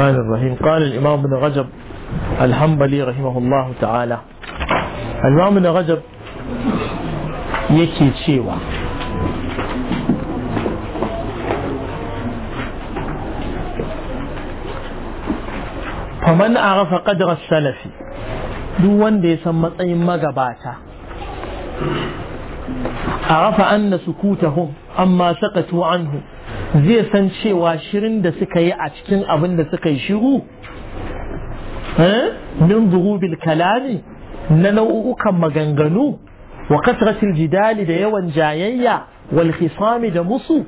الرحمن الرحيم قال الإمام ابن رجب الحنبلي رحمه الله تعالى الإمام ابن رجب يكي تشيوا فمن عرف قدر السلفي دو وان دي سمت أي مغباتا عرف أن سكوتهم أما سقطوا عنه zai san cewa shirin da suka yi a cikin abin da suka yi shiru min zuhubil kalami na nau'ukan maganganu wa kasratil jidali da yawan jayayya wal khisami da musu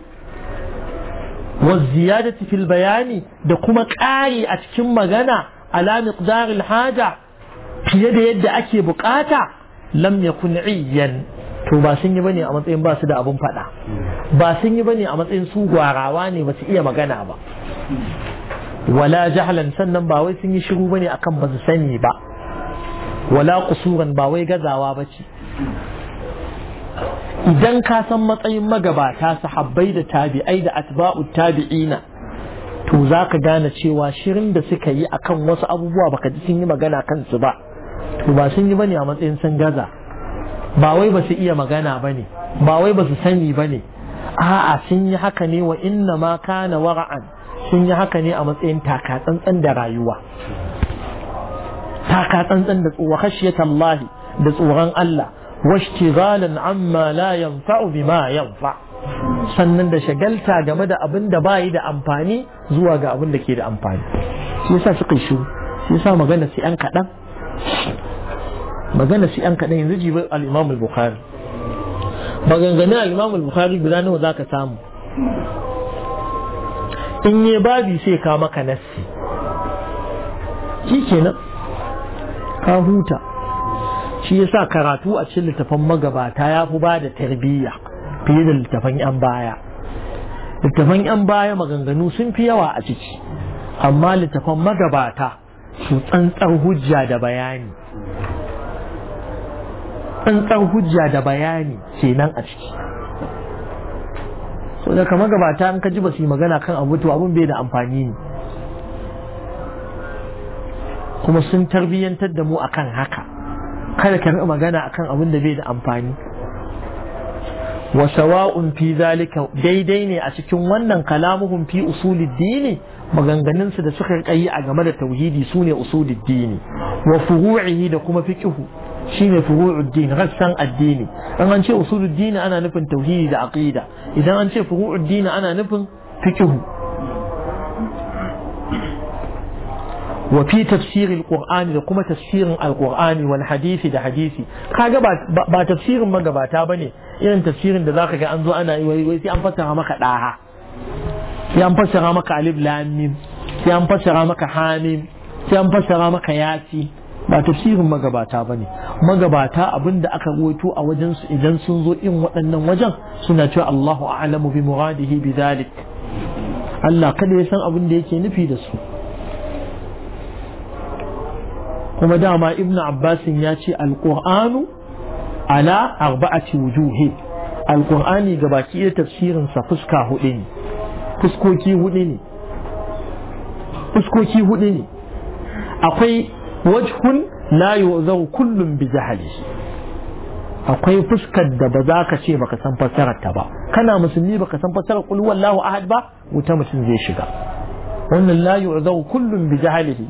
wa ziyadati fil bayani da kuma ƙari a cikin magana ala miqdaril haja fiye da yadda ake bukata lam yakun iyyan to ba sun yi bane a matsayin ba su da abun faɗa ba sun yi bane a matsayin su gwarawa ne ba su iya magana ba wala jahalan sannan ba wai sun yi shiru bane akan ba su sani ba wala kusuran ba wai gazawa ba ce idan ka san matsayin magabata sahabbai da tabi'ai da atba'u tabi'ina to za ka gane cewa shirin da suka yi akan wasu abubuwa baka ji sun yi magana kansu ba to ba sun yi bane a matsayin sun gaza ba wai ba su iya magana ba ne ba wai ba su sani ba ne a'a sun yi haka ne wa inna ma kana wara'an sun yi haka ne a matsayin takatsantsan da rayuwa takatsantsan da tsoron khashiyatan da tsoron Allah washtighalan amma la ubi ma yanfa sannan da shagalta game da abin da bayi da amfani zuwa ga abin da ke da amfani shi yasa suka shi yasa magana sai kaɗan magana shi an kaɗai yanzu jibar Al'imamul bukhari maganganun Al'imamul bukhari guda nawa za ka samu in yi babi sai ka maka nassi shi kenan ka huta shi yasa karatu a cikin littafan magabata ya fi ba da tarbiyya fiye da littafan 'yan baya littafan 'yan baya maganganu sun fi yawa a ciki amma littafan magabata su tsantsar hujja da bayani tsantsan hujja da bayani kenan a ciki so da kama gabata ka ji ba su yi magana kan abu to abun bai da amfani ne kuma sun tarbiyyantar da mu akan haka kada ka riƙa magana akan abin da bai da amfani wa sawa'un fi zalika daidai ne a cikin wannan kalamuhum fi usulid dini maganganun da suka yi a game da tauhidi sune usulid dini wa furu'ihi da kuma fiqhu shine furu'uddin rassan addini in an ce usuluddini ana nufin tauhidi da aqida idan an ce furu'uddin ana nufin fikihu wa fi tafsirin qur'ani da kuma tafsirin alqur'ani wal hadisi da hadisi kaga ba ba tafsirin magabata bane irin tafsirin da zaka ga an zo ana yi wai sai an fassara maka daha sai an fassara maka alif lam mim sai an fassara maka hamim sai an fassara maka yasi ba tafsirin magabata ba ne magabata abinda aka ruwaito a wajensu idan sun zo in waɗannan wajen suna cewa Allahu a'lamu bi muradihi bi zalik Allah kada ya san abin da yake nufi da su kuma dama ibn abbasin ya ce alqur'anu ala arba'ati wujuhi alqur'ani gabaki ɗaya tafsirin sa fuska hudu ne fuskoki hudu ne fuskoki hudu ne akwai وجه لا يؤذن كل بجهله akwai fuskar da ba za ka ce baka san fassarar ta ba kana musulmi baka san fassarar qul wallahu ahad ba wuta mutum zai shiga wannan la yu'zaw kullun bi jahlihi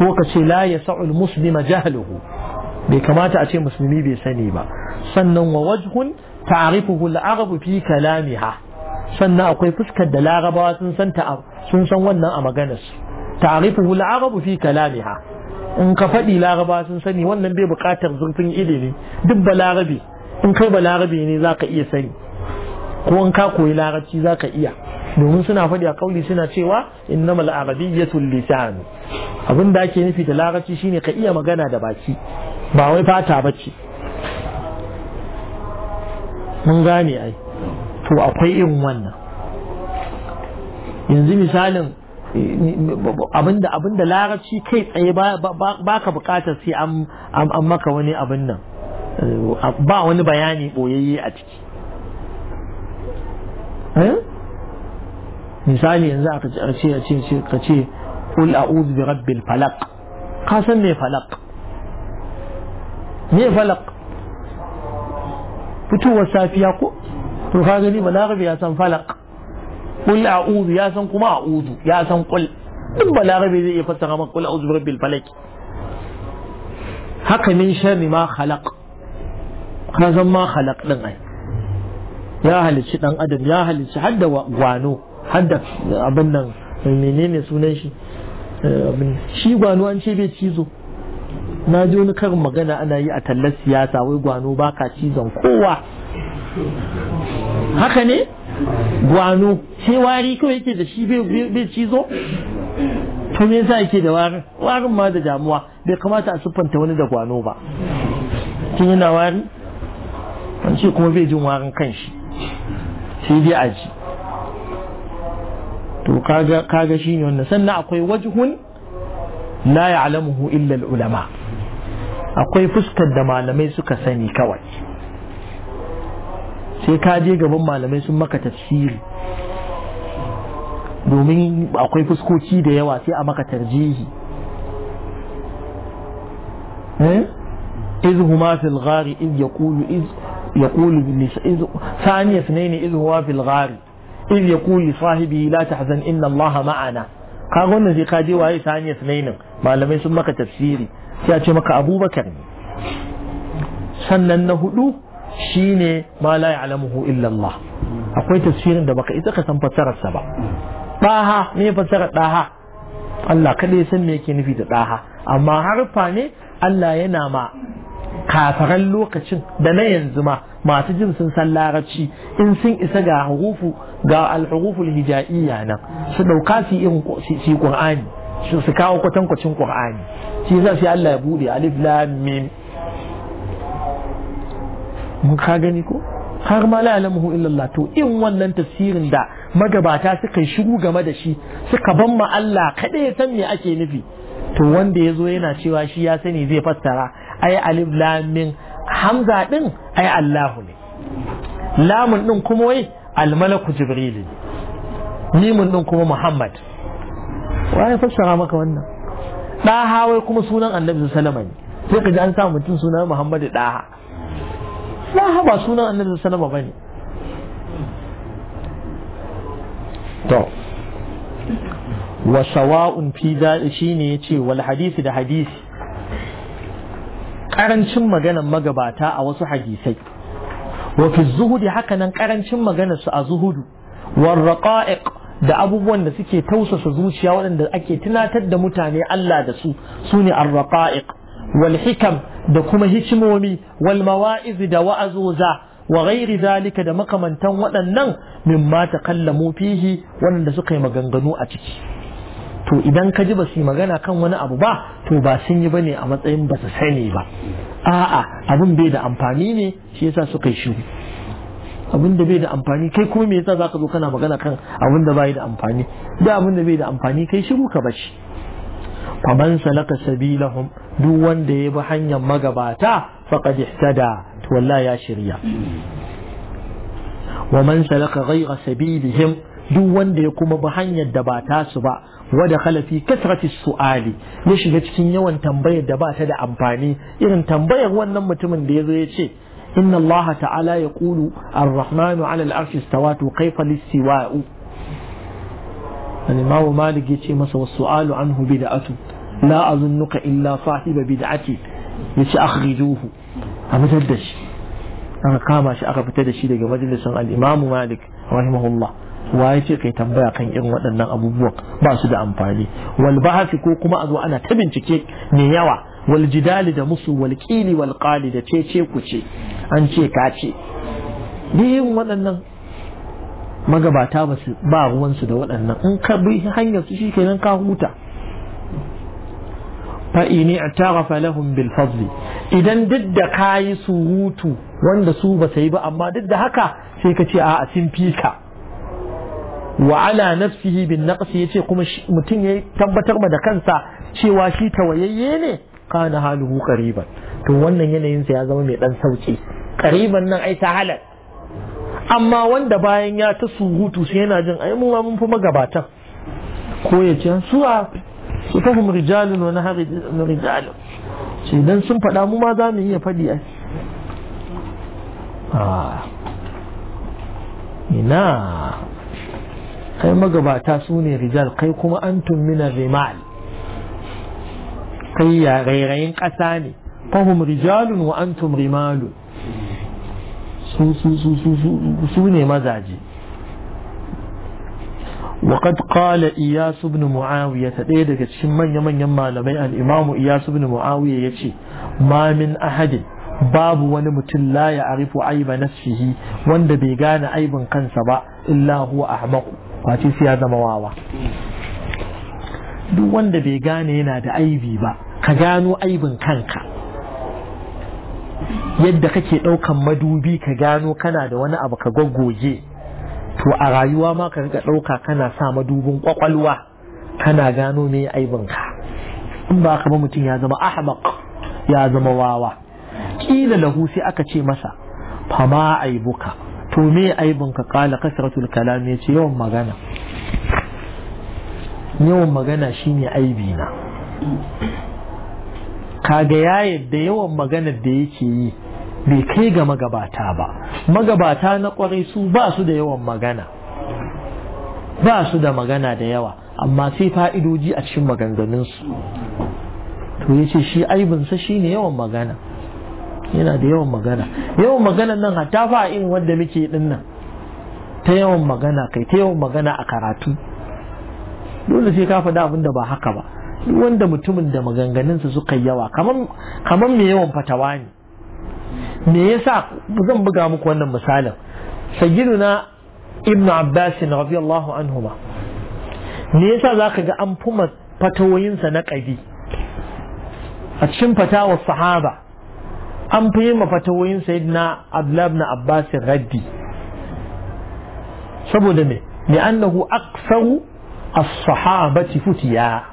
ko ka ce la yas'u muslima jahluhu bai kamata a ce musulmi bai sani ba sannan wa wajhun ta'rifuhu al-arab fi kalamiha sannan akwai fuskar da larabawa sun san ta sun san wannan a maganar su ta'rifuhu al-arabu fi kalamiha in ka faɗi laraba sun sani wannan bai buƙatar zurfin ilimi duk larabi in kai balarabe ne zaka iya sani ko in ka koyi larabci zaka iya domin suna faɗi a kauli suna cewa innamal arabiyyatul lisan abin da ake nufi da larabci shine ka iya magana da baki ba wai fata bace mun gane ai to akwai irin wannan yanzu misalin abinda abinda larabci kai tsaye ba ka bukatar sai an maka wani abin nan ba wani bayani boyayye a ciki eh? misali yanzu a ce a ce ka ce qul a'udhu bi rabbil falaq ka san me falaq me falaq fitowar safiya ko to ka gani balarabi ya san falaq kul a'udhu ya san kuma a'udhu ya san kul duk balarabe zai iya fassara maka kul a'udhu birabbil falak haka min sharri ma khalaq ka zan ma khalaq din ai ya halicci dan adam ya halicci har da gwano har da abin nan menene sunan shi abin shi gwano an ce bai cizo na ji wani karin magana ana yi a tallar siyasa wai gwano baka cizon kowa haka ne gwano sai wari kawai yake da shi bai cizo to me yasa yake da warin warin ma da damuwa bai kamata a siffanta wani da gwano ba kin yana wari an ce kuma bai jin warin kanshi sai dai a ji to kaga kaga shine wannan sannan akwai wajhun la ya'lamuhu illa al-ulama akwai fuskar da malamai suka sani kawai sai ka je gaban malamai sun maka tafsiri domin akwai fuskoki da yawa sai a maka tarjihi إذ هما في الغار إذ يقول إذ يقول ثانية اثنين إذ هما في الغار إذ يقول لصاحبه لا تحزن إن الله معنا كاغون زي كاجي واي ثانية اثنين ما لم يسمى تفسيري سيأتي مك أبو بكر سنن هدو shine ma la ya'lamuhu illa Allah akwai tafsirin da baka isa ka san fassarar sa ba daha me fassarar daha Allah ya san me yake nufi da daha amma harfa ne Allah yana ma kafaran lokacin da na yanzu ma masu jin sun san larabci in sun isa ga hurufu ga alhuruful hija'iyya nan su dauka su yi su qur'ani su kawo kwatankwacin qur'ani shi yasa sai Allah ya bude alif lam mim mun ka gani ko har ma la illallah to in wannan tafsirin da magabata suka yi shiru game da shi suka ban ma Allah kada ya san me ake nufi to wanda ya zo yana cewa shi ya sani zai fassara ai alif lam min hamza din ai Allahu ne lamun din kuma wai almalaku jibril mimun din kuma muhammad wai fassara maka wannan da wai kuma sunan annabi sallallahu alaihi wasallam ne sai ka ji an sa mutum sunan muhammadu daha la ba sunan annabi sallama ne. to wa sawa'un fi zalika shine yace wal hadisi da hadisi karancin maganar magabata a wasu hadisai wa fi zuhudi hakanan karancin maganar su a zuhudu war raqa'iq da abubuwan da suke tausasa zuciya waɗanda ake tunatar da mutane Allah da su sune ar raqa'iq Walhikam da kuma hikimomi wal mawa'iz da wa'azoza wa ghairi zalika da makamantan waɗannan mimma takallamu fihi waɗanda suka yi maganganu a ciki to idan ka ji ba su yi magana kan wani abu ba to ba sun yi bane a matsayin ba su sani ba a'a abin bai da amfani ne shi yasa suka yi shiru abin da bai da amfani kai kuma me yasa zaka zo kana magana kan abin da bai da amfani da abin da bai da amfani kai shiru ka bace ومن سلك سبيلهم دون دي بحن يمغباتا فقد احتدى ولا يا شريا ومن سلك غير سبيلهم دون دي كما دباتا يدباتا سبا ودخل في كثرة السؤال ليش جت كن يوان تنبيه دباتا دا أمباني إذن تنبيه هو النمة من ديزي إن الله تعالى يقول الرحمن على الأرش استوى كيف للسواء يعني ما هو مالك يجي مثلا والسؤال عنه بدعته la azunnuka illa sahiba bid'ati yace akhrijuhu a fitar da shi aka kama shi aka fitar da shi daga majalisar al-Imam Malik rahimahullah wa yace kai tambaya kan irin waɗannan abubuwan ba su da amfani wal ko kuma a zo ana ta bincike mai yawa wal jidali da musu wal qili wal qali da ce ce ku ce an ce ka ce irin waɗannan magabata ba su ba ruwansu da waɗannan in ka bi hanyar su kenan ka huta fa in i'tarafa lahum bil idan duk da kayi surutu wanda su ba sai ba amma duk da haka sai ka ce a'a sun fika wa ala nafsihi bin naqsi yace kuma mutum ya tabbatar ma da kansa cewa shi tawayayye ne kana haluhu qariban to wannan yanayin sa ya zama mai dan sauki qariban nan ai ta halal amma wanda bayan ya ta surutu sai yana jin ai mu ma mun fi magabata ko ya ce suwa fahim rijalun wani harin rijalun ce don sun faɗa mu ma za mu iya faɗi a ina kai magabata su ne rijal kai kuma an tummina rimal kai ya rairayin ƙasa ne fahim rijalun wa antum rimalun su ne mazaje وقد قال إياس بن معاوية تديدك من يمن يما لبيع الإمام إياس بن معاوية يتشي ما من ahadin babu wani mutum la ya arifu aiba nafsihi wanda bai gane aibin kansa ba illa huwa ahmaq wace sai ya zama wawa duk wanda bai gane yana da aibi ba ka gano aibin kanka yadda kake daukan madubi ka gano kana da wani abu ka gaggoje to a rayuwa ma ka rika ɗauka kana sa madubin ƙwaƙwalwa? kana gano me aibinka in ba ka ba mutum ya zama ahmaq ya zama wawa kila lahu sai aka ce masa fama aibuka to me aibinka kala kasratul kalam yace yawan magana yawan magana shine aibi na kaga ya da yawan magana da yake yi bai kai ga magabata ba magabata na kwarai su ba su da yawan magana ba su da magana da yawa amma sai fa'idoji a cikin maganganunsu to ya ce shi aibinsa shi ne yawan magana yana da yawan magana yawan magana nan hatta fa irin wanda muke din nan ta yawan magana kai ta yawan magana a karatu dole sai ka faɗa abin da ba haka ba duk wanda mutumin da maganganunsa suka yawa kamar mai yawan fatawa ne me yasa zan buga muku wannan misalin sayyiduna ibnu abbas radiyallahu anhuma me yasa zaka ga an fuma fatawoyinsa na kabi a cikin fatawar sahaba an fi yin fatawoyin sayyidina abdullah ibn abbas raddi saboda me annahu aksaru as-sahabati futiya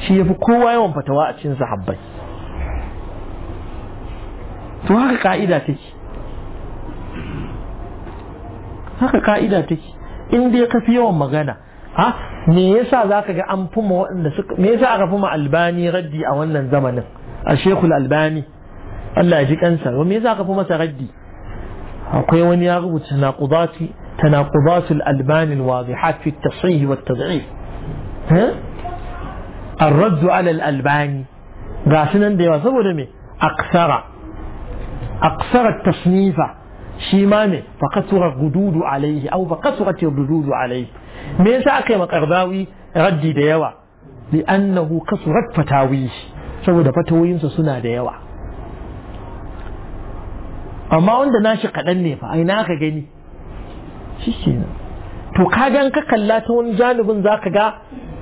shi yafi kowa yawan fatawa a cikin sahabbai to haka ka'ida take haka ka'ida take in dai ka fi yawan magana ha me yasa zaka ga an fuma waɗanda suka me yasa aka fuma albani raddi a wannan zamanin a shekul albani Allah ya ji kansa me yasa aka fuma masa raddi akwai wani ya rubuta tanaqudati tanaqudati al-albani al-wadihat fi at-tasih wa at-tad'if ha الرد على الألباني غاسنا ديوا سبو دمي أكثر aksarar tasnifa shi ma ne فقصر gududu عليه أو faƙasurar gududu عليه me yasa aka yi ديوا raddi da yawa سوى annahu kasurat fatawi saboda fatawoyinsa suna da yawa amma wanda na shi kaɗan ne fa ai na ka gani shi ke to ka gan ka kalla ta wani janibin za ka ga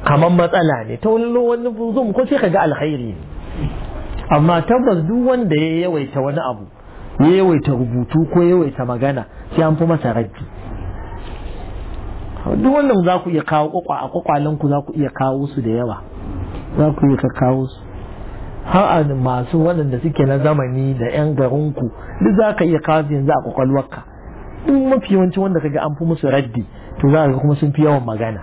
kamar matsala ne ta wani wani zum ko sai ka ga alkhairi ne amma tabbas duk wanda ya yawaita wani abu ya yawaita rubutu ko yawaita magana sai an fi masa raddi duk wannan za ku iya kawo kwakwa a kwakwalen za ku iya kawo su da yawa za ku iya kawo su har a masu waɗanda suke na zamani da 'yan garinku duk za ka iya kawo yanzu a kwakwalwarka duk mafi yawanci wanda kaga an fi musu raddi to za ga kuma sun fi yawan magana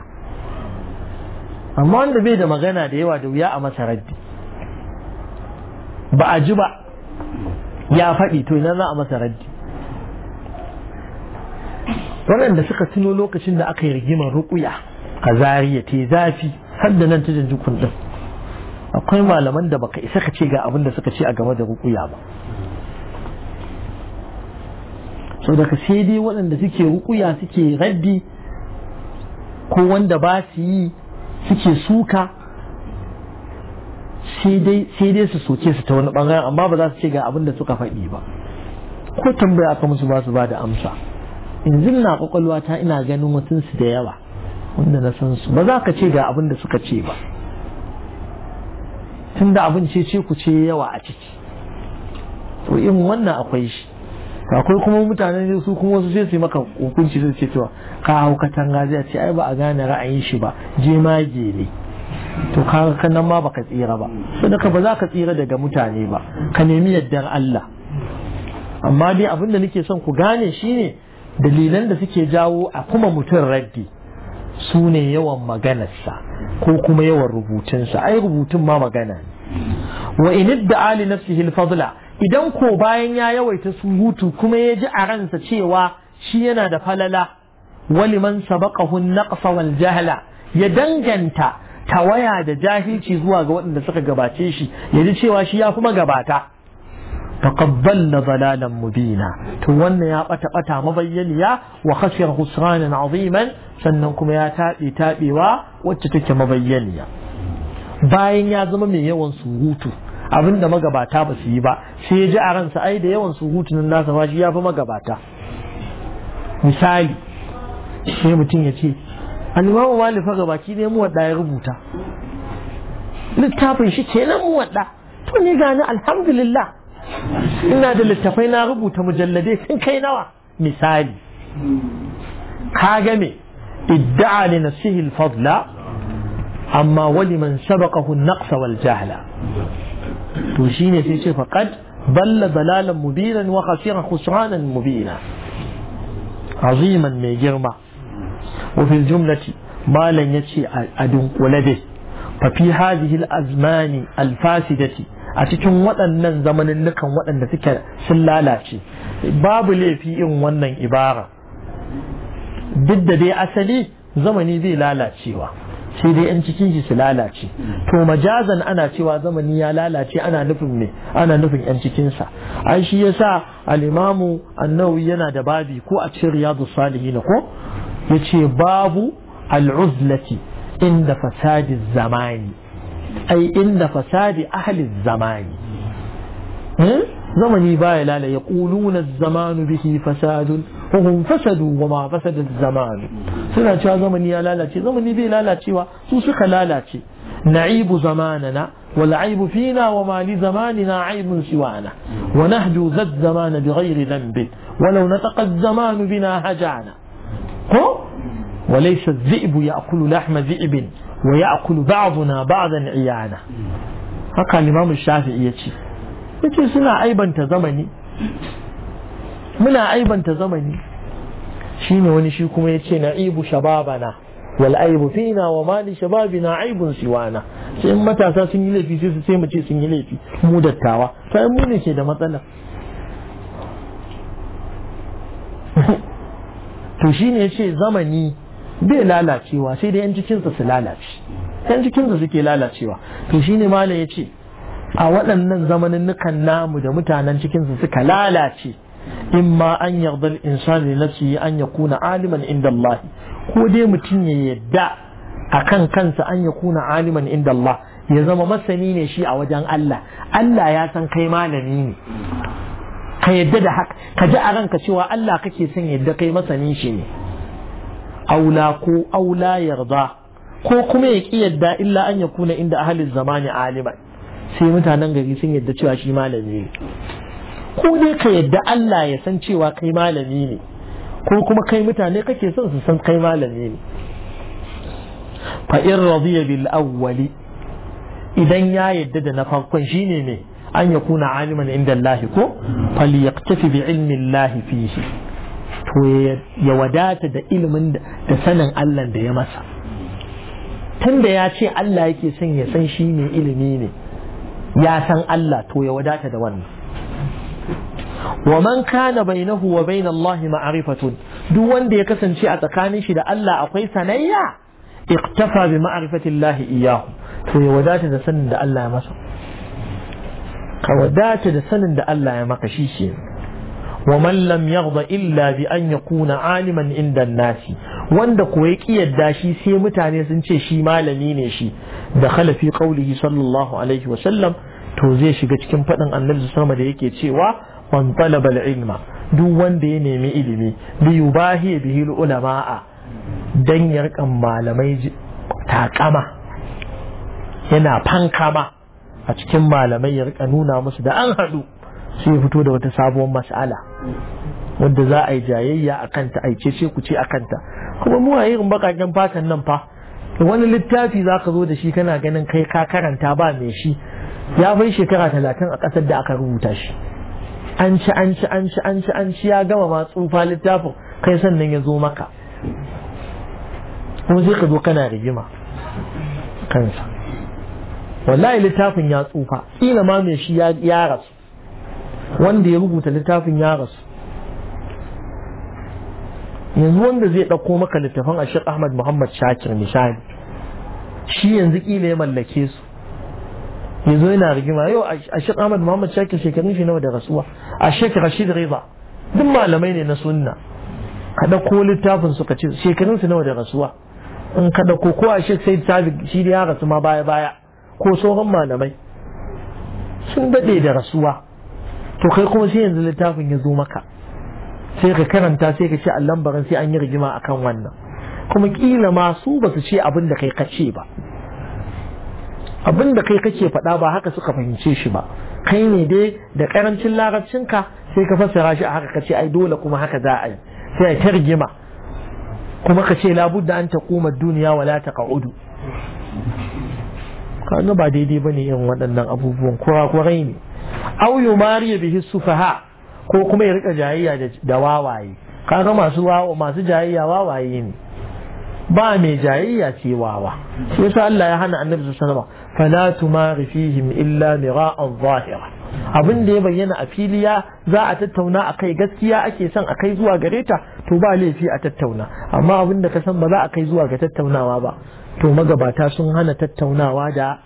amma wanda bai da magana da yawa da wuya a masa raddi ba a ji ba ya faɗi to ina za a masa raddi waɗanda suka tuno lokacin da aka yi rigimar ruƙuya a zariya ta zafi har da nan ta jin ɗin akwai malaman da baka isa ka ce ga abin da suka ce a game da rukuya ba sau daga sai dai waɗanda suke ruƙuya suke raddi ko wanda ba su yi suke suka sai dai su soke su ta wani bangaren amma ba za su ce ga abin da suka faɗi ba ko tambaya aka musu ba su ba da amsa yanzu na kwakwalwa ta ina ganin mutum su da yawa wanda na san su ba za ka ce ga abin da suka ce ba tunda abin ce ce ku ce yawa a ciki to in wannan akwai shi akwai kuma mutane su kuma wasu sai su yi maka hukunci su ce cewa ka hau katanga zai ce ai ba a gane ra'ayin shi ba Je jemage ne to kaga kan nan ma baka tsira ba saboda ba za ka tsira daga mutane ba ka nemi yardar Allah amma dai abin da nake son ku gane shine dalilan da suke jawo a kuma mutum raddi Sune ne yawan maganarsa ko kuma yawan rubutunsa ai rubutun ma magana ne wa in da'a li nafsihi al-fadla idan ko bayan ya yawaita hutu kuma ya ji a ransa cewa shi yana da falala waliman sabaqahu an-naqsa wal jahla ya danganta tawaya da jahilci zuwa ga waɗanda suka gabace shi ya ji cewa shi ya kuma gabata bina. mubina to ya ya bata bata wa wa وخسر na aziman sannan kuma ya taɓe taɓewa wacce take mabayyaniya bayan ya zama mai yawan surutu abinda magabata ba su yi ba sai ya ji a ransa ai da yawan surutu nan nasa ba shi ya fi magabata misali sai mutum ya ce alimamu malik faga baki ne mu wadda ya rubuta littafin shi kenan mu wadda to ni gani alhamdulillah ina da littafai na rubuta mujalladai sun kai nawa misali ka ga me idda'a li nafsihi al-fadla amma wali man sabaqahu an-naqs wal jahla to shine sai ce faqad balla dalalan mubinan wa khasira khusranan mubina aziman mai girma وفي الجملة ما لن يتشي أدن ولده ففي هذه الأزمان الفاسدة أتكن وطنن زمن لكن وطن تكر سلالاتي باب لي في إن ونن إبارة duk da dai asali zamani zai lalacewa sai dai yan cikin shi su lalace to majazan ana cewa zamani ya lalace ana nufin ne ana nufin yan cikinsa ai shi yasa al-imamu annawi yana da babi ko a cikin riyadu salihin ko yace babu al'uzlati inda fasadi zamani ai inda fasadi ahli zamani zamani baya lala ya ƙuluna zamanu bihi fasadun hukum fasadu wa ma fasadin zamanu suna cewa zamani ya lalace zamani bai lalacewa su suka lalace نعيب زماننا والعيب فينا وما لزماننا عيب سوانا ونهجو ذا الزمان بغير ذنب ولو نطق الزمان بنا هجعنا ko walaysa ya akulu lahma zibin wa ya akulu na ba'duna ba'dan iyana haka Imam Shafi'i yace yace suna aibanta zamani muna aibanta zamani shine wani shi kuma yace na'ibu shababana wal aibu fina wa mali shababina aibun siwana sai matasa sun yi laifi sai su ce mu ce sun yi laifi mu dattawa sai mu ne ke da matsala to shi shine ce zamani bai lalacewa sai dai yan cikinsa su lalace yan cikinsa suke lalacewa to shi ne malam ce a waɗannan zamanin nukan namu da mutanen cikinsa suka lalace in ma an yarda insani suyi an ya kuna aliman inda Allah ko dai mutum ya yadda a kan kansa an ya kuna aliman inda Allah ya zama masani ne shi a wajen Allah Allah ya san kai malami ne ka yadda da haka ka ji a ranka cewa Allah kake son yadda kai masani shi ne aula ko aula yarda ko kuma ya ki yadda illa an ya kuna inda ahalin zamani aliman sai mutanen gari sun yadda cewa shi malami ne ko ne ka yadda Allah ya san cewa kai malami ne ko kuma kai mutane kake son su san kai malami ne fa in radiya bil awwali idan ya yadda da na farkon shine ne an ya yakuna aliman inda Allah ko falyaktafi bi ilmi Allah fihi to ya wadata da ilimin da sanin Allah da ya masa tunda ya ce Allah yake son ya san shi ne ilimi ne ya san Allah to ya wadata da wannan wa man kana bainahu wa bain Allah ma'rifatun duk wanda ya kasance a tsakanin shi da Allah akwai sanayya iktafa bi ma'rifati Allah iyyahu to ya wadata da sanin da Allah ya masa ka wadata da sanin da Allah ya maka shi ke wa Mallam lam yaghda illa bi an yakuna aliman inda nasi wanda ko ya kiyarda shi sai mutane sun ce shi malami ne shi da khalafi qaulihi sallallahu alaihi wa sallam to zai shiga cikin faɗin annabi sama da yake cewa man talaba ilma duk wanda ya nemi ilimi bi yubahi bihi ulama'a dan yarkan malamai takama yana fankama a cikin malamai ya rika nuna musu da an haɗu sai fito da wata sabuwar mas'ala wanda za a yi jayayya a kanta a ce ce ku ce a kanta kuma mu a irin bakaken fatan nan fa wani littafi za ka zo da shi kana ganin kai ka karanta ba mai shi ya bai shekara talatin a ƙasar da aka rubuta shi an ci an ci an ci an ci an ci ya gama ma tsufa littafin kai sannan ya zo maka kuma sai ka zo kana rigima kansa wallahi littafin ya tsufa kila ma mai shi ya rasu wanda ya rubuta littafin ya rasu yanzu wanda zai ɗauko maka littafin a shek ahmad muhammad shakir misali shi yanzu kila ya mallake su yanzu yana rigima yau a shek ahmad muhammad shakir shekarun shi nawa da rasuwa a shek rashid riza duk malamai ne na sunna ka ɗauko littafin suka ce shekarun su nawa da rasuwa in ka ɗauko ko a shek sai sabi shi ya rasu ma baya baya ko sauran malamai sun daɗe da rasuwa to kai kuma sai yanzu littafin ya zo maka sai ka karanta sai ka ce allon baran sai an yi rigima akan wannan kuma kila ma su ba su ce abin da kai kace ba abin da kai kake faɗa ba haka suka fahimce shi ba kai ne dai da ƙarancin larabcinka sai ka fassara shi a haka kace ai dole kuma haka za a yi sai ta rigima kuma ka ce labudda an kuma duniya wala taqaudu ga ba daidai ne irin waɗannan abubuwan kurakurai ne au ya bihi sufaha ko kuma ya rika jayayya da wawaye kaga masu wawa masu jayayya wawaye ne ba mai jayayya ce wawa yasa Allah ya hana annabi sallallahu alaihi wasallam fala tumari fihim illa mira'an zahira abin da ya bayyana a filiya za a tattauna a kai gaskiya ake son a kai zuwa gare ta to ba laifi a tattauna amma abin da ka san ba za a kai zuwa ga tattaunawa ba to magabata sun hana tattaunawa da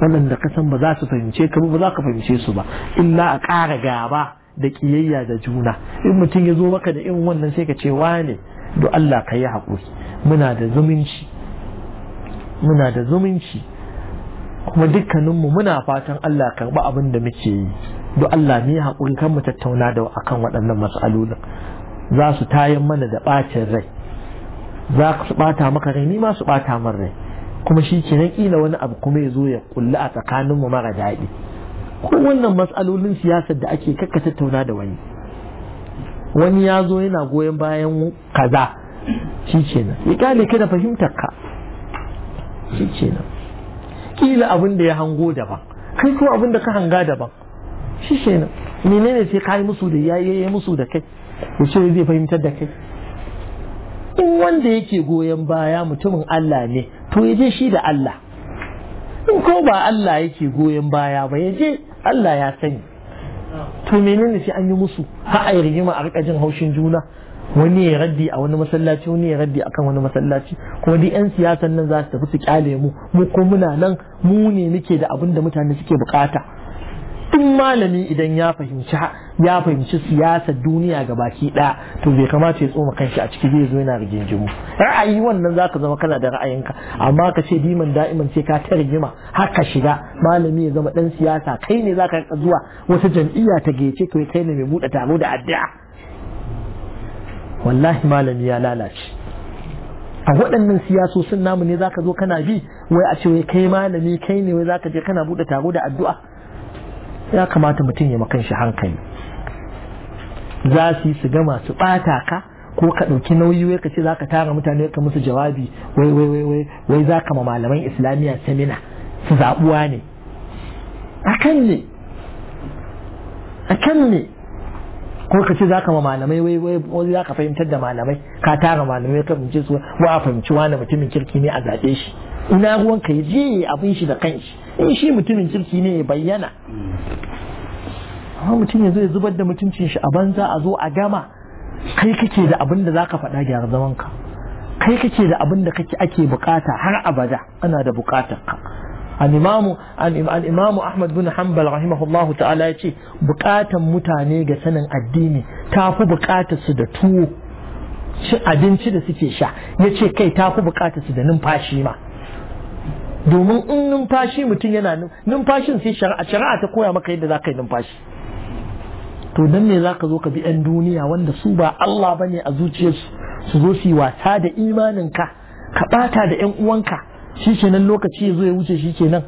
waɗanda ka san ba za su fahimce ka ba za ka fahimce su ba illa a ƙara gaba da ƙiyayya da juna in mutum ya zo maka da irin wannan sai ka ce wane do Allah ka yi haƙuri muna da zumunci muna da zumunci kuma dukkaninmu muna fatan Allah karɓi abin da muke yi do Allah ne haƙuri kan mu tattauna da akan waɗannan matsalolin za su tayan mana da ɓacin rai za su bata maka rai ni ma su bata min rai kuma shi nan kila wani abu kuma ya zo ya kulli a tsakanin mu mara daɗi ko wannan matsalolin siyasar da ake kakka tattauna da wani wani ya zo yana goyon bayan kaza shi nan ya kyale ka da fahimtar ka shi nan kila abin da ya hango daban kai ko abin da ka hanga daban shi nan menene sai ka yi musu da yayi musu da kai ya ce zai fahimtar da kai wanda yake goyon baya mutumin Allah ne to ya je shi da Allah in ko ba Allah yake goyon baya ba ya je Allah ya sani to menene sai an yi musu ha a rigima a rika jin haushin juna wani ya raddi a wani masallaci wani ya raddi akan wani masallaci kuma duk yan siyasan nan za su tafi su kyale mu mu ko muna nan mu ne muke da abin da mutane suke bukata duk malami idan ya fahimci ya fahimci siyasar duniya ga baki ɗaya to bai kamata ya tsoma kanshi a ciki zai zo yana rigingimu ra'ayi wannan zaka zama kana da ra'ayinka amma ka ce diman da'iman ce ka ta rigima har ka shiga malami ya zama dan siyasa kai ne zaka zuwa wata jam'iyya ta gece kai kai ne mai buɗe taro da addu'a wallahi malami ya lalace a waɗannan siyasosin namu ne zaka zo kana bi wai a ce wai kai malami kai ne wai zaka je kana buɗe taro da addu'a ya kamata mutum ya makan shi hankali za su yi su gama su ɓata ka ko ka ɗauki nauyi wai ka ce za ka tara mutane ka musu jawabi wai wai wai wai wai za ka ma malaman islamiyya samina su zaɓuwa ne akan ne akan ne ko ka ce za ka ma malamai wai wai wai za ka fahimtar da malamai ka tara malamai ka fahimci su wa a fahimci wani mutumin kirki ne a zaɓe shi ina ruwanka ya je abin shi da kanshi in shi mutumin kirki ne ya bayyana amma mutum zai ya zubar da mutuncin shi a banza a zo a gama kai kake da abin da za ka faɗa gyara zaman ka kai kake da abin da kake ake bukata har abada ana da bukatar ka al-imamu al-imamu Ahmad bin Hanbal rahimahullah ta'ala yace bukatan mutane ga sanin addini tafi bukatar su da tuwo abinci da suke sha yace kai tafi bukatar su da numfashi ma domin in numfashi mutum yana numfashin sai shari'a shari'a ta koya maka yadda za ka yi numfashi to dan ne za ka zo ka bi 'yan duniya wanda su ba Allah bane a zuciyarsu su zo su yi wasa da imaninka ka bata da ƴan uwanka shikenan lokaci ya zo ya wuce shikenan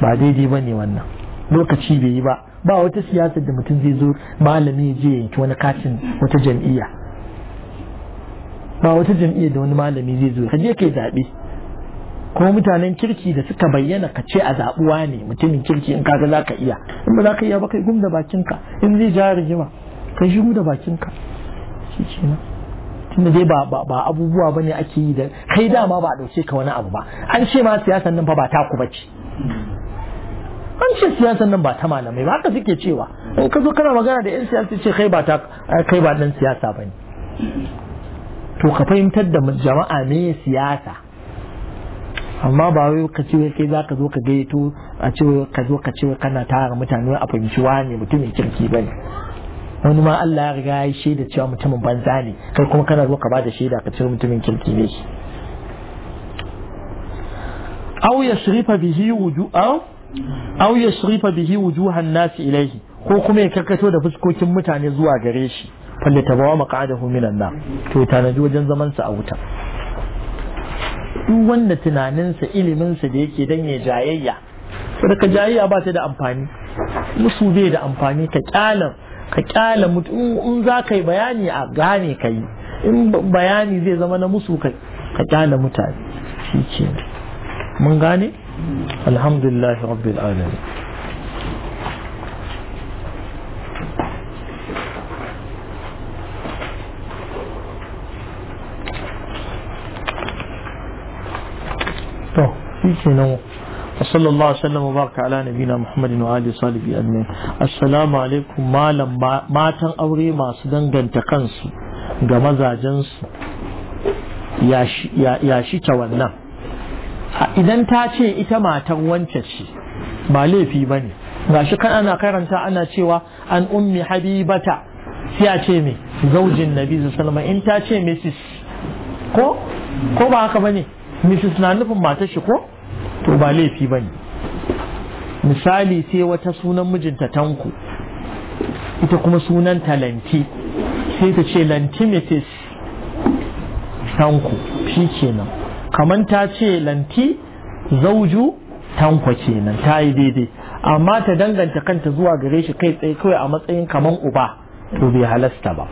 ba daidai bane wannan lokaci bai yi ba ba wata siyasar da mutum zai zo malami je yanki wani katin wata jam'iyya ba wata jam'iyya da wani malami zai zo ka je kai zaɓe ko mutanen kirki da suka bayyana ka ce a zaɓuwa ne mutumin kirki in kaga za ka iya in ba za ka iya ba kai gum da bakinka in zai ja rigima kai shi da bakinka shi kenan tunda dai ba ba abubuwa bane ake yi da kai dama ba a dauke ka wani abu ba an ce ma siyasan nan fa ba taku bace an ce siyasan nan ba ta malamai ba haka suke cewa in ka zo kana magana da yan siyasa ce kai ba ta kai ba dan siyasa bane to ka fahimtar da jama'a me siyasa amma ba wai ka ce kai za ka zo ka gaito a ce ka zo ka ce kana tara mutane a fahimci ne mutumin kirki bane wani ma Allah ya riga ya shaida cewa mutumin banza ne kai kuma kana zo ka ba da shaida ka ce mutumin kirki ne aw shirifa bihi wujuha aw yasrifa bihi wujuhan nas ilayhi ko kuma ya karkato da fuskokin mutane zuwa gare shi fallita tabawa maqadahu minan nar to tanaji wajen zaman sa a wuta duk wanda tunaninsa iliminsa da yake dan ya jayayya ka jayayya ba ta da amfani musu bai da amfani ka kyala ka kyala in za ka yi bayani a gane ka yi in bayani zai zama na musu kai ka kyala mutane shi ce mun gane alhamdulillah rabbil alamin shi kenan وصلى الله وسلم وبارك على نبينا محمد وآله وصحبه أجمعين السلام عليكم مالم ماتن أوري ما سدن جنت جمزا جنس يا شي تولنا idan ta ce ita matar wance ce ba laifi ba ne gashi kan ana karanta ana cewa an ummi habibata sai a ce me zaujin nabi sallama in ta ce mrs ko ko ba haka ba ne mrs na nufin matar shi ko to ba laifi ba ne misali sai wata sunan mijinta tanku ita kuma sunan Talanti sai ta ce lantimitis tanku shi kenan kamar ta ce lanti zauju tanko kenan ta yi daidai amma ta danganta kanta zuwa gare shi kai tsaye kawai a matsayin kamar uba to bai halasta ba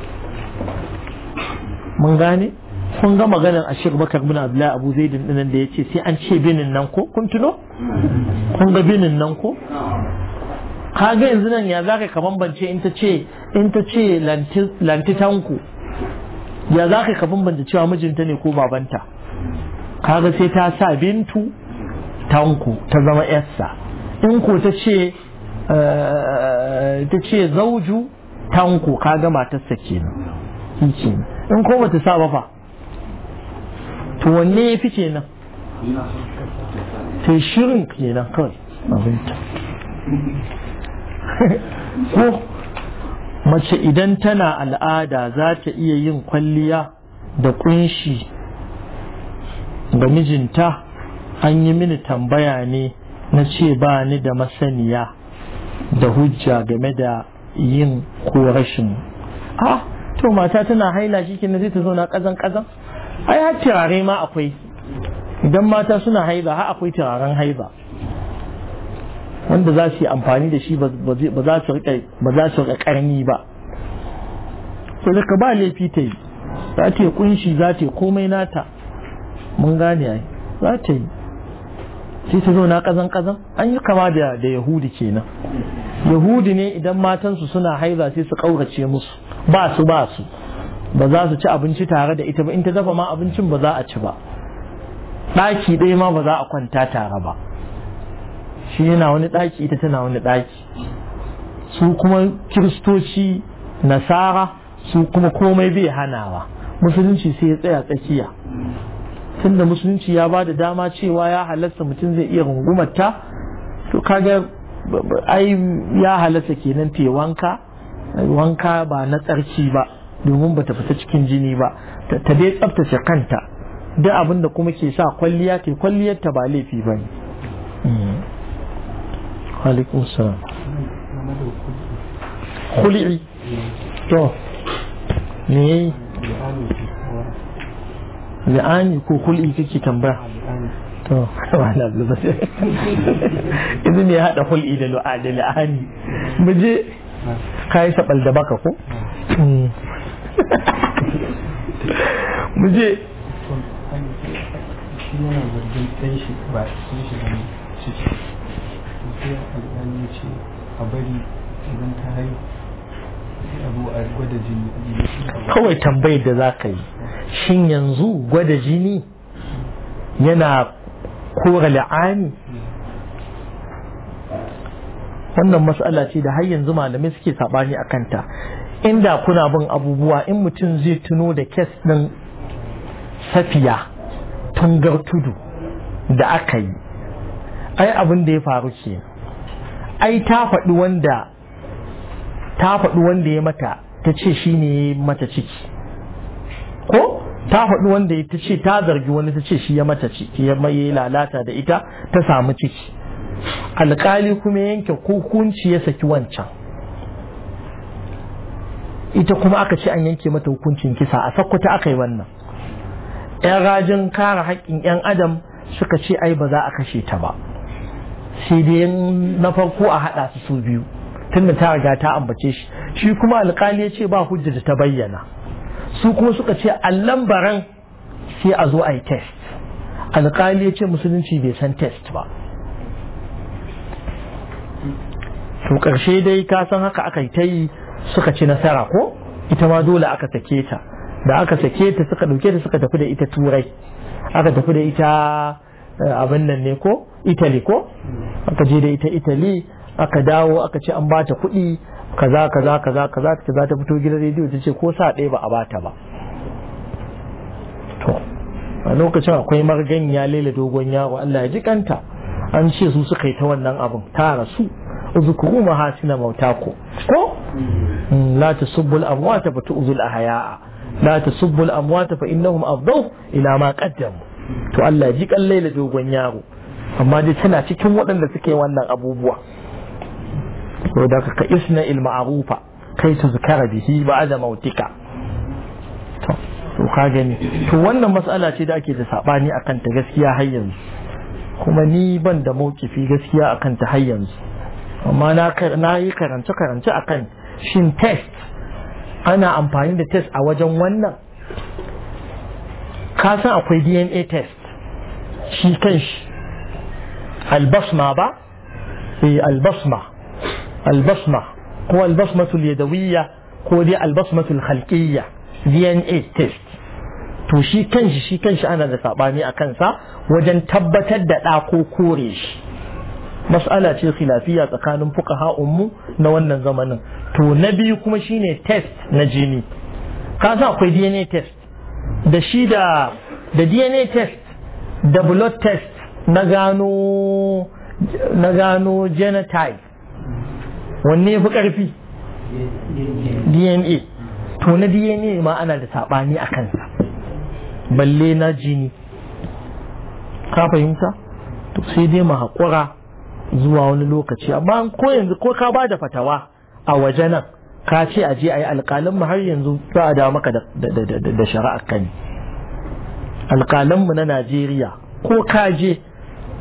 mun gane kun ga maganar a shirba bakar abu abdullah abu zaidin dinan da ya ce sai an ce binin nan ko kun tuno kun ga binin nan ko kaga yanzu nan ya zaka ka bambance in ta ce in ta ce lantitanku ya zaka ka bance cewa mijinta ne ko babanta kaga sai ta sa bintu tanku ta zama yasa. in ko ta ce eh, ta ce zauju tanku kaga matarsa kenan in ko ta sa ba fa to wanne ya fi kenan sai shirin kenan kawai abinta ko mace idan tana al'ada za ta iya yin kwalliya da kunshi ga mijinta an yi mini tambaya ne na ce ba ni da masaniya da hujja game da yin ko rashin ah to mata tana haila shi ke zai ta zauna kazan kazan ai har turare ma akwai idan mata suna haiza har akwai turaren haiza wanda za su yi amfani da shi ba za su riƙa ƙarni ba So daga ba laifi ta yi za ta yi kunshi za ta yi komai nata mun gane ai za ta yi sai ta zo na kazan kazan an yi kama da da yahudi kenan yahudi ne idan matansu suna haiza sai su ƙaurace musu ba su ba su ba za su ci abinci tare da ita ba in ta dafa ma abincin ba za a ci ba ɗaki ɗaya ma ba za a kwanta tare ba shi yana wani ɗaki ita tana wani ɗaki su kuma kiristoci nasara su kuma komai bai ba. musulunci sai ya tsaya tsakiya tunda musulunci ya ba da dama cewa ya halasta mutum zai iya rungumata to kaga ai ya halasta kenan te wanka ba na tsarki ba domin bata fita cikin jini ba ta dai tsaftace kanta Da abin da kuma ke sa kwalliya ta kwalliyar ta ba laifi ba ne mm. alaikum salam to me li'ani ko khuli'i kake tambaya to wala ba idan ya hada khuli'i da lu'a da li'ani muje kai sabal da baka ko mm. Mm. muje je kawai tambayar da za ka yi shin yanzu gwada jini yana kora la'ani wannan matsala ce da har yanzu malamai suke saɓani a kanta inda kuna bin abubuwa in mutum zai tuno da kes ɗin safiya tun tudu da aka yi ai abin da ya faru ce, ai ta faɗi wanda ta faɗi wanda ya mata ta ce shi ne mata ciki ko ta faɗi wanda ta ce ta zargi wani ta ce shi ya mata ciki ya mai lalata da ita ta samu ciki alƙali kuma yanke hukunci ya saki wancan ita kuma aka ce an yanke mata hukuncin kisa a sakkwata aka yi wannan yan rajin kare haƙƙin yan adam suka ce ai ba za a kashe ta ba sai dai na farko a haɗa su su biyu tunda ta riga ta ambace shi shi kuma alƙali ya ce ba hujja da ta bayyana su kuma suka ce a lambaran sai a zo a yi test alƙali ya ce musulunci bai san test ba to ƙarshe dai ka san haka aka yi ta yi suka ci nasara ko ita ma dole aka sake ta da aka sake ta suka ɗauke ta suka tafi da ita turai aka tafi da ita eh, abin nan ne ko italy ko aka je da ita italy aka dawo aka ce an bata kuɗi kaza kaza kaza kaza za ta fito gidan rediyo ta ce ko sa ɗaya ba a bata ba to a lokacin akwai marganya lela dogon yaro Allah ya ji kanta an ce su suka yi ta wannan abin ta rasu ma hasina mauta ko mm, la tasubbu al-amwata fa tu'zul ahya'a la tasubbu al fa innahum ila ma to Allah ji kallai da dogon yaro amma dai tana cikin waɗanda suke wannan abubuwa ko da ka isna il ma'rufa kai ta zukara bihi ba'da mautika to to ka gani to wannan mas'ala ce da ake da sabani akan ta gaskiya har yanzu kuma ni ban da mawkifi gaskiya akan ta har yanzu amma na yi karance-karance a kan shin test ana amfani da test a wajen wannan kasan akwai dna test shi kan shi albasma ba eh albasma albasma ko albasmatul yadawiyya ko dai albasmatul khalqiyya dna test to shi kan shi shi kan shi ana da sabani a kansa wajen tabbatar da ɗa ko kore shi mas'ala ce khilafiya tsakanin fuqaha ummu na wannan zamanin to na biyu kuma shine test na jini ka san akwai DNA test da shi da da DNA test da blood test na gano na gano genotype wanne fi karfi DNA to na DNA ma ana da saɓani a kansa balle na jini ka fahimta to sai dai mu haƙura zuwa wani lokaci amma ko yanzu ko ka ba da fatawa a waje nan ka ce a je a yi alƙalin har yanzu za a dawo maka da shari'a kani alƙalin na Najeriya ko ka je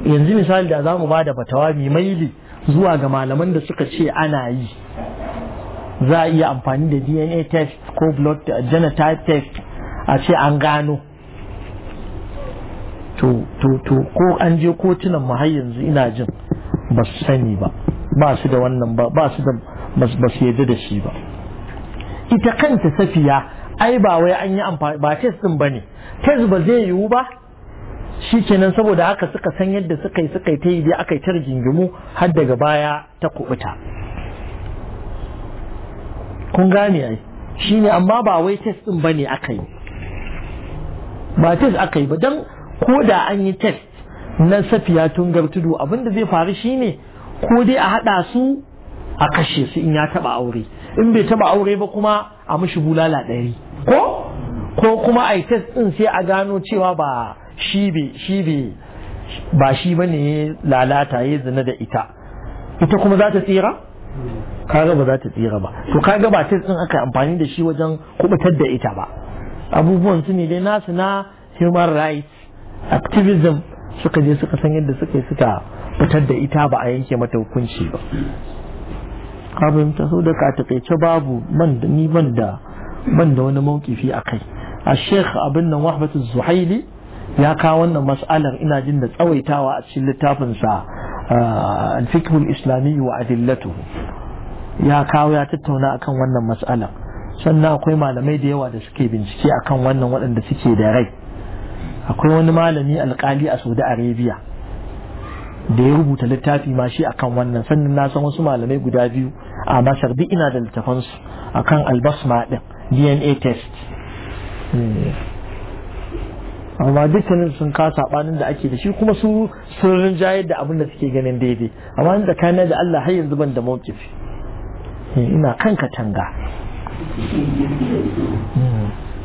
yanzu misali da za mu ba da fatawa mai maili zuwa ga malaman da suka ce ana yi za a iya amfani da DNA test ko blood genotype test a ce an gano to to to ko an je kotunan mu har yanzu ina jin ba su sani ba ba su da wannan ba ba su da ba su yadda da shi ba ita kanta safiya ai ba wai an yi amfani ba tes din bane tes ba zai yiwu ba shi kenan saboda haka suka san yadda suka yi suka yi ta yi aka yi tar jingimu har daga baya ta kubuta kun gane ai shi ne amma ba wai test ɗin ba ne aka yi ba test aka yi ba don ko da an yi test na safiya tun gartudu abinda zai faru shine ko dai a haɗa su a kashe su in ya taɓa aure in bai taba aure ba kuma a mishi bulala ɗari ko ko kuma a test ɗin sai a gano cewa ba shi shi ba shi ba lalata ya zina da ita ita kuma za ta tsira kaga ba za ta tsira ba to kaga ba test ɗin aka amfani da shi wajen kubutar da ita ba abubuwan su ne dai nasu na human rights activism suka je suka san yadda suka yi suka fitar da ita ba a yanke mata hukunci ba kafin ta so da ka babu man da ni man da man da wani mawkifi a kai a sheikh abin nan wahbatu zuhaili ya kawo wannan mas'alar ina jin da tsawaitawa a cikin littafinsa al-fiqhul islami wa adillatuhu ya kawo ya tattauna akan wannan mas'alar sannan akwai malamai da yawa da suke bincike akan wannan waɗanda suke da rai akwai wani malami alkali a saudi arabia da ya rubuta littafi ma shi akan wannan sannan na san wasu malamai guda biyu a masar duk ina da littafansu akan albasma din dna test eh. amma dukkanin sun kasa banin da ake da shi kuma su sun rinjayar da abin da suke ganin daidai amma da kana da Allah har yanzu ban da mawkifi eh, ina kan katanga hmm.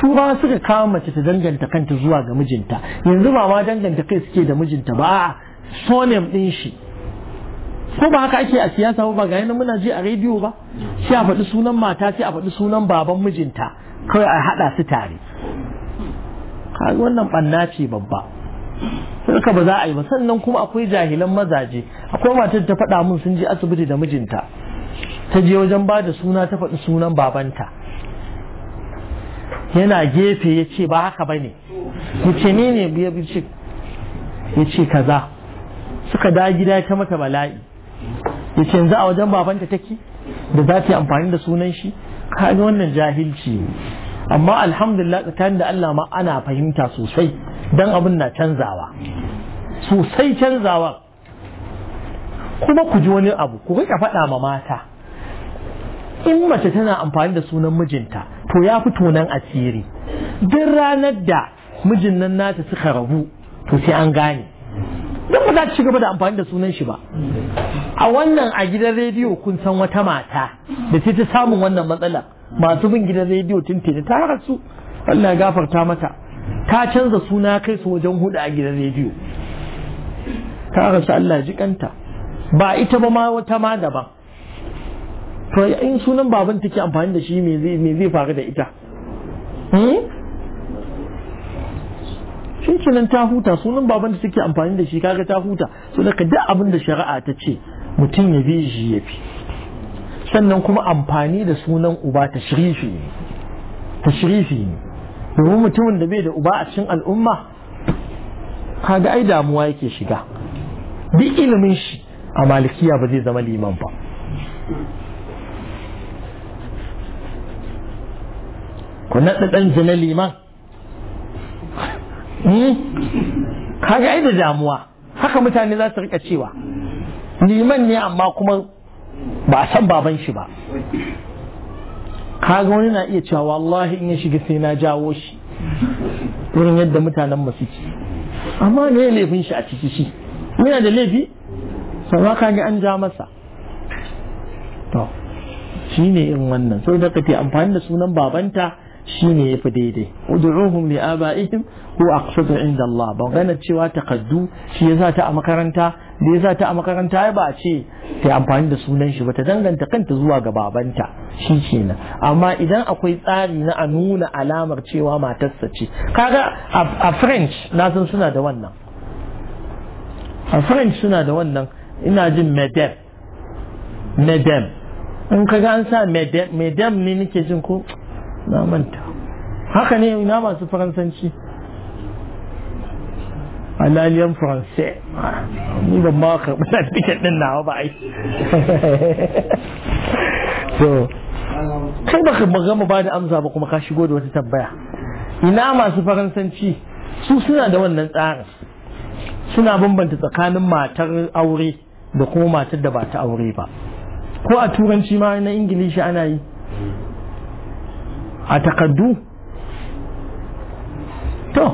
Tuba suka kawo mace ta danganta kanta zuwa ga mijinta yanzu ba ma danganta kai suke da mijinta ba a sonem din shi ko ba haka ake a siyasa ba ga yana muna ji a rediyo ba sai a faɗi sunan mata sai a faɗi sunan baban mijinta kawai a haɗa su tare wannan ɓanna ce babba suka ba za a yi ba sannan kuma akwai jahilan mazaje akwai matar ta faɗa mun sun je asibiti da mijinta ta je wajen ba da suna ta faɗi sunan babanta yana gefe ya ce ba haka ba ne ya ce ni ne ya ce kaza suka da gida ta mata bala'i ya ce yanzu a wajen babanta take da za ta yi amfani da sunan shi kaga wannan jahilci amma alhamdulillah tsakanin da Allah ma ana fahimta sosai dan abin na canzawa sosai canzawa kuma ku ji wani abu ku rika faɗa ma mata in mace tana amfani da sunan mijinta to ya fito nan asiri duk ranar da mijin nan nata suka rabu to sai an gane don ba za ta ci gaba da amfani da sunan shi ba a wannan a gidan rediyo kun san wata mata da sai ta samun wannan matsala masu bin gidan rediyo tun ta rasu Allah gafarta mata ta canza suna kai su wajen hudu a gidan rediyo ta rasu Allah jikanta ba ita ba ma wata ma daban to in sunan baban take amfani da shi me zai faru da ita hmm? shi kenan ta huta sunan baban da take amfani da shi kaga ta huta so daga duk abin da shari'a ta ce mutum ya bi shi ya fi sannan kuma amfani da sunan uba ta shirifi ne ta ne domin mutumin da bai da uba a cikin al'umma kaga ai damuwa yake shiga bi ilimin shi a malikiya ba zai zama liman ba ku naɗa ɗan zina liman hmm? kaga ai da damuwa haka mutane za su rika cewa liman ne amma kuma ba a san baban shi ba kaga wani na iya cewa wallahi in ya shiga sai na jawo shi wurin yadda mutanen masu ci amma ne laifin shi a ciki shi muna da laifi sama kaga an ja masa to shi ne in wannan sau da ka amfani da sunan babanta shine yafi daidai ud'uhum li aba'ihim ko aqsitu inda Allah ba gana cewa takardu shi yasa ta a makaranta da yasa ta a makaranta ba a ce ta amfani da sunan shi ba ta danganta kanta zuwa ga babanta shi kenan amma idan akwai tsari na a nuna alamar cewa matarsa ce kaga a French na san suna da wannan a French suna da wannan ina jin madam in kaga an sa madam ne nake jin ko na manta haka ne ina masu faransanci alaliyan faransa ni ban ma karɓi na tiket ɗin nawa ba ai so kai baka gama ba da amsa ba kuma ka shigo da wata tambaya ina masu faransanci su suna da wannan tsarin suna bambanta tsakanin matar aure da kuma matar da ba ta aure ba ko a turanci ma na ingilishi ana yi a takardu, to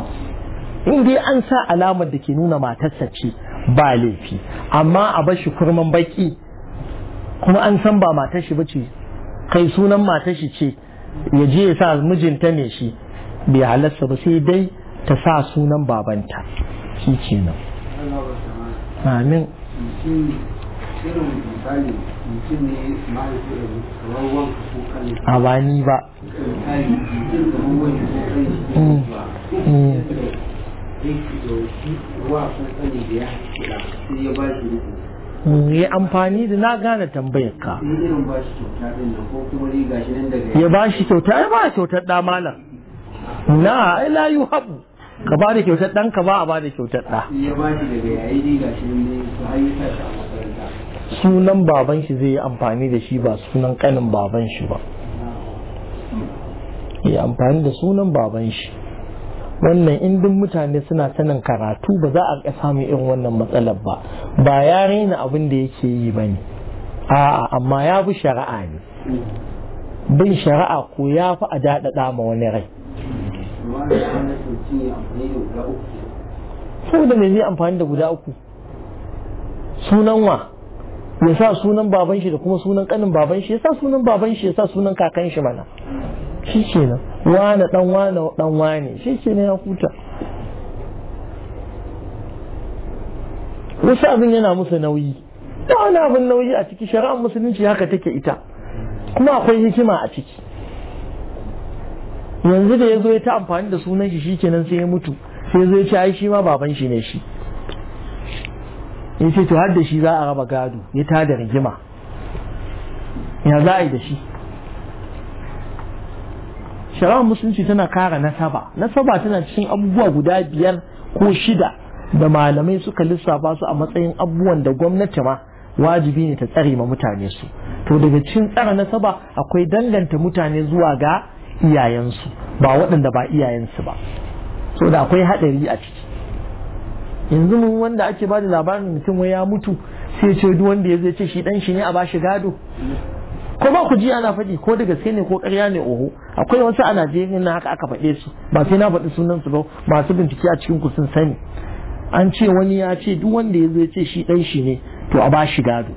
in dai an sa alamar da ke nuna matarsa ce ba laifi amma a bar shi kurman baki kuma an san ba matar shi bace kai sunan matar shi ce ya je ya sa mijinta ne shi bai halarsa ba sai dai ta sa sunan babanta shi nan. amin a ba ni ba mm, mm. ya mm, amfani da na gane tambayar ka ya ba shi kyauta ya ba kyautar ɗa malam na ila la yu habu ka ba da kyautar ɗan ka ba a ba da kyautar ɗa ya ba shi daga yayi ga shi ne su hayyuka sunan baban shi zai yi amfani da shi ba sunan kanin baban shi ba ya amfani da sunan baban shi wannan indin mutane suna sanin karatu ba za a samun irin wannan matsalar ba ba ya raina abin da yake yi ba ne a'a amma ya fi shari'a ne bin shari'a ko ya fi a daɗaɗa ma wani rai saboda me zai amfani da guda uku sunan wa ya sa sunan baban shi da kuma sunan kanin baban shi ya sa sunan baban shi ya sa sunan kakan shi mana shi ce nan wane dan wane dan wane shi ce nan ya huta wasu abin yana musu nauyi da wani abin nauyi a ciki shari'ar musulunci haka take ita kuma akwai hikima a ciki yanzu da ya zo ya ta amfani da sunan shi shi kenan sai ya mutu sai ya zo ya ce ai shi ma baban shi ne shi ya ce to har da shi za a raba gado ya ta da rigima ya za a yi da shi shari'ar musulunci tana kara nasaba nasaba tana cikin abubuwa guda biyar ko shida da malamai suka lissafa su a matsayin abubuwan da gwamnati ma wajibi ne ta tsare ma mutane su to daga cikin tsara nasaba akwai danganta mutane zuwa ga iyayensu ba waɗanda ba iyayensu ba so da akwai haɗari a ciki yanzu mun wanda ake ba da labarin mutum wai ya mutu sai ce duk wanda ya zai ce shi dan shi ne a bashi gado ko ba ku ji ana faɗi ko da gaske ne ko ƙarya ne oho akwai wasu a Najeriya na haka aka faɗe su ba sai na faɗi sunan su ba masu bincike a cikin ku sun sani an ce wani ya ce duk wanda ya zai ce shi dan shi ne to a bashi gado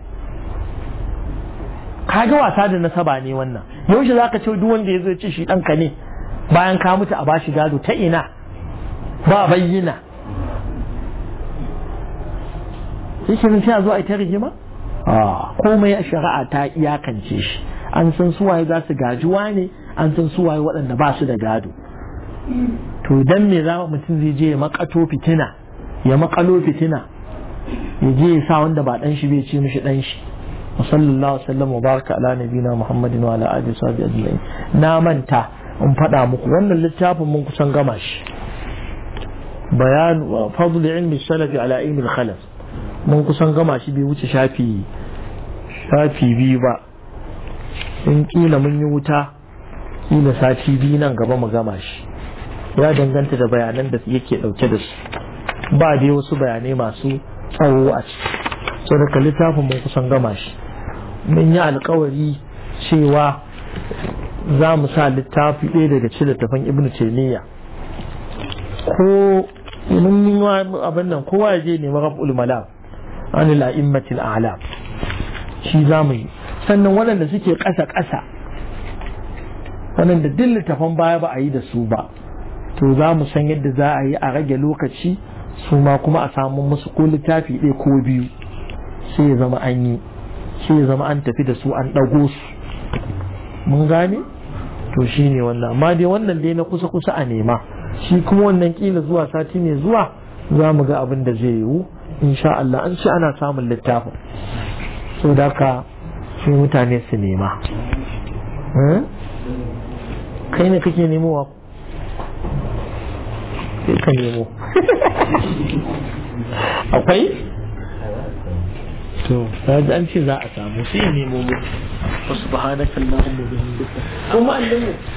kaga wasa da nasaba ne wannan yaushe zaka ce duk wanda ya zai ce shi dan ka ne bayan ka mutu a bashi gado ta ina ba bayyana shi sai a zo a yi ta rigima ah. komai a shari'a ta iyakance shi an san suwaye za su gajuwa ne an san suwaye waɗanda ba su da gado to dan me za mutum zai je ya makato fitina ya makalo fitina ya je ya sa wanda ba dan shi bai ce mishi dan shi wa sallallahu sallam wa baraka ala nabina muhammadin wa ala alihi wa ajma'in na manta in faɗa muku wannan littafin mun kusan gama shi bayan fadl ilmi salafi ala ilmi al-khalas mun kusan gama shi bai wuce shafi shafi biyu ba in kila mun yi wuta kila sati biyu nan gaba mu gama shi ya danganta da bayanan da yake dauke da su ba dai wasu bayanai masu tsawo a ciki sau daga littafin mun kusan gama shi mun yi alkawari cewa za mu sa littafi ɗaya daga cikin littafin ibnu taymiya ko mun yi abin nan kowa ya je neman rabul malam an al'immatil a'la shi zamu yi sannan waɗanda suke ƙasa ƙasa wadanda dillin tafan baya ba a yi da su ba to za mu san yadda za a yi a rage lokaci su ma kuma a samu musu ko littafi ɗaya ko biyu sai ya zama an yi sai ya zama an tafi da su an ɗago su mun gane to shi wannan amma dai wannan dai na kusa kusa a nema shi kuma wannan kila zuwa sati ne zuwa za mu ga abin da zai yiwu insha Allah an ce ana samun littafin so da ka sai mutane su nema eh? kai ne kake nemowa sai ka nemo akwai to an ce za a samu sai nemo mu wasu bahanakan lahun mu kuma an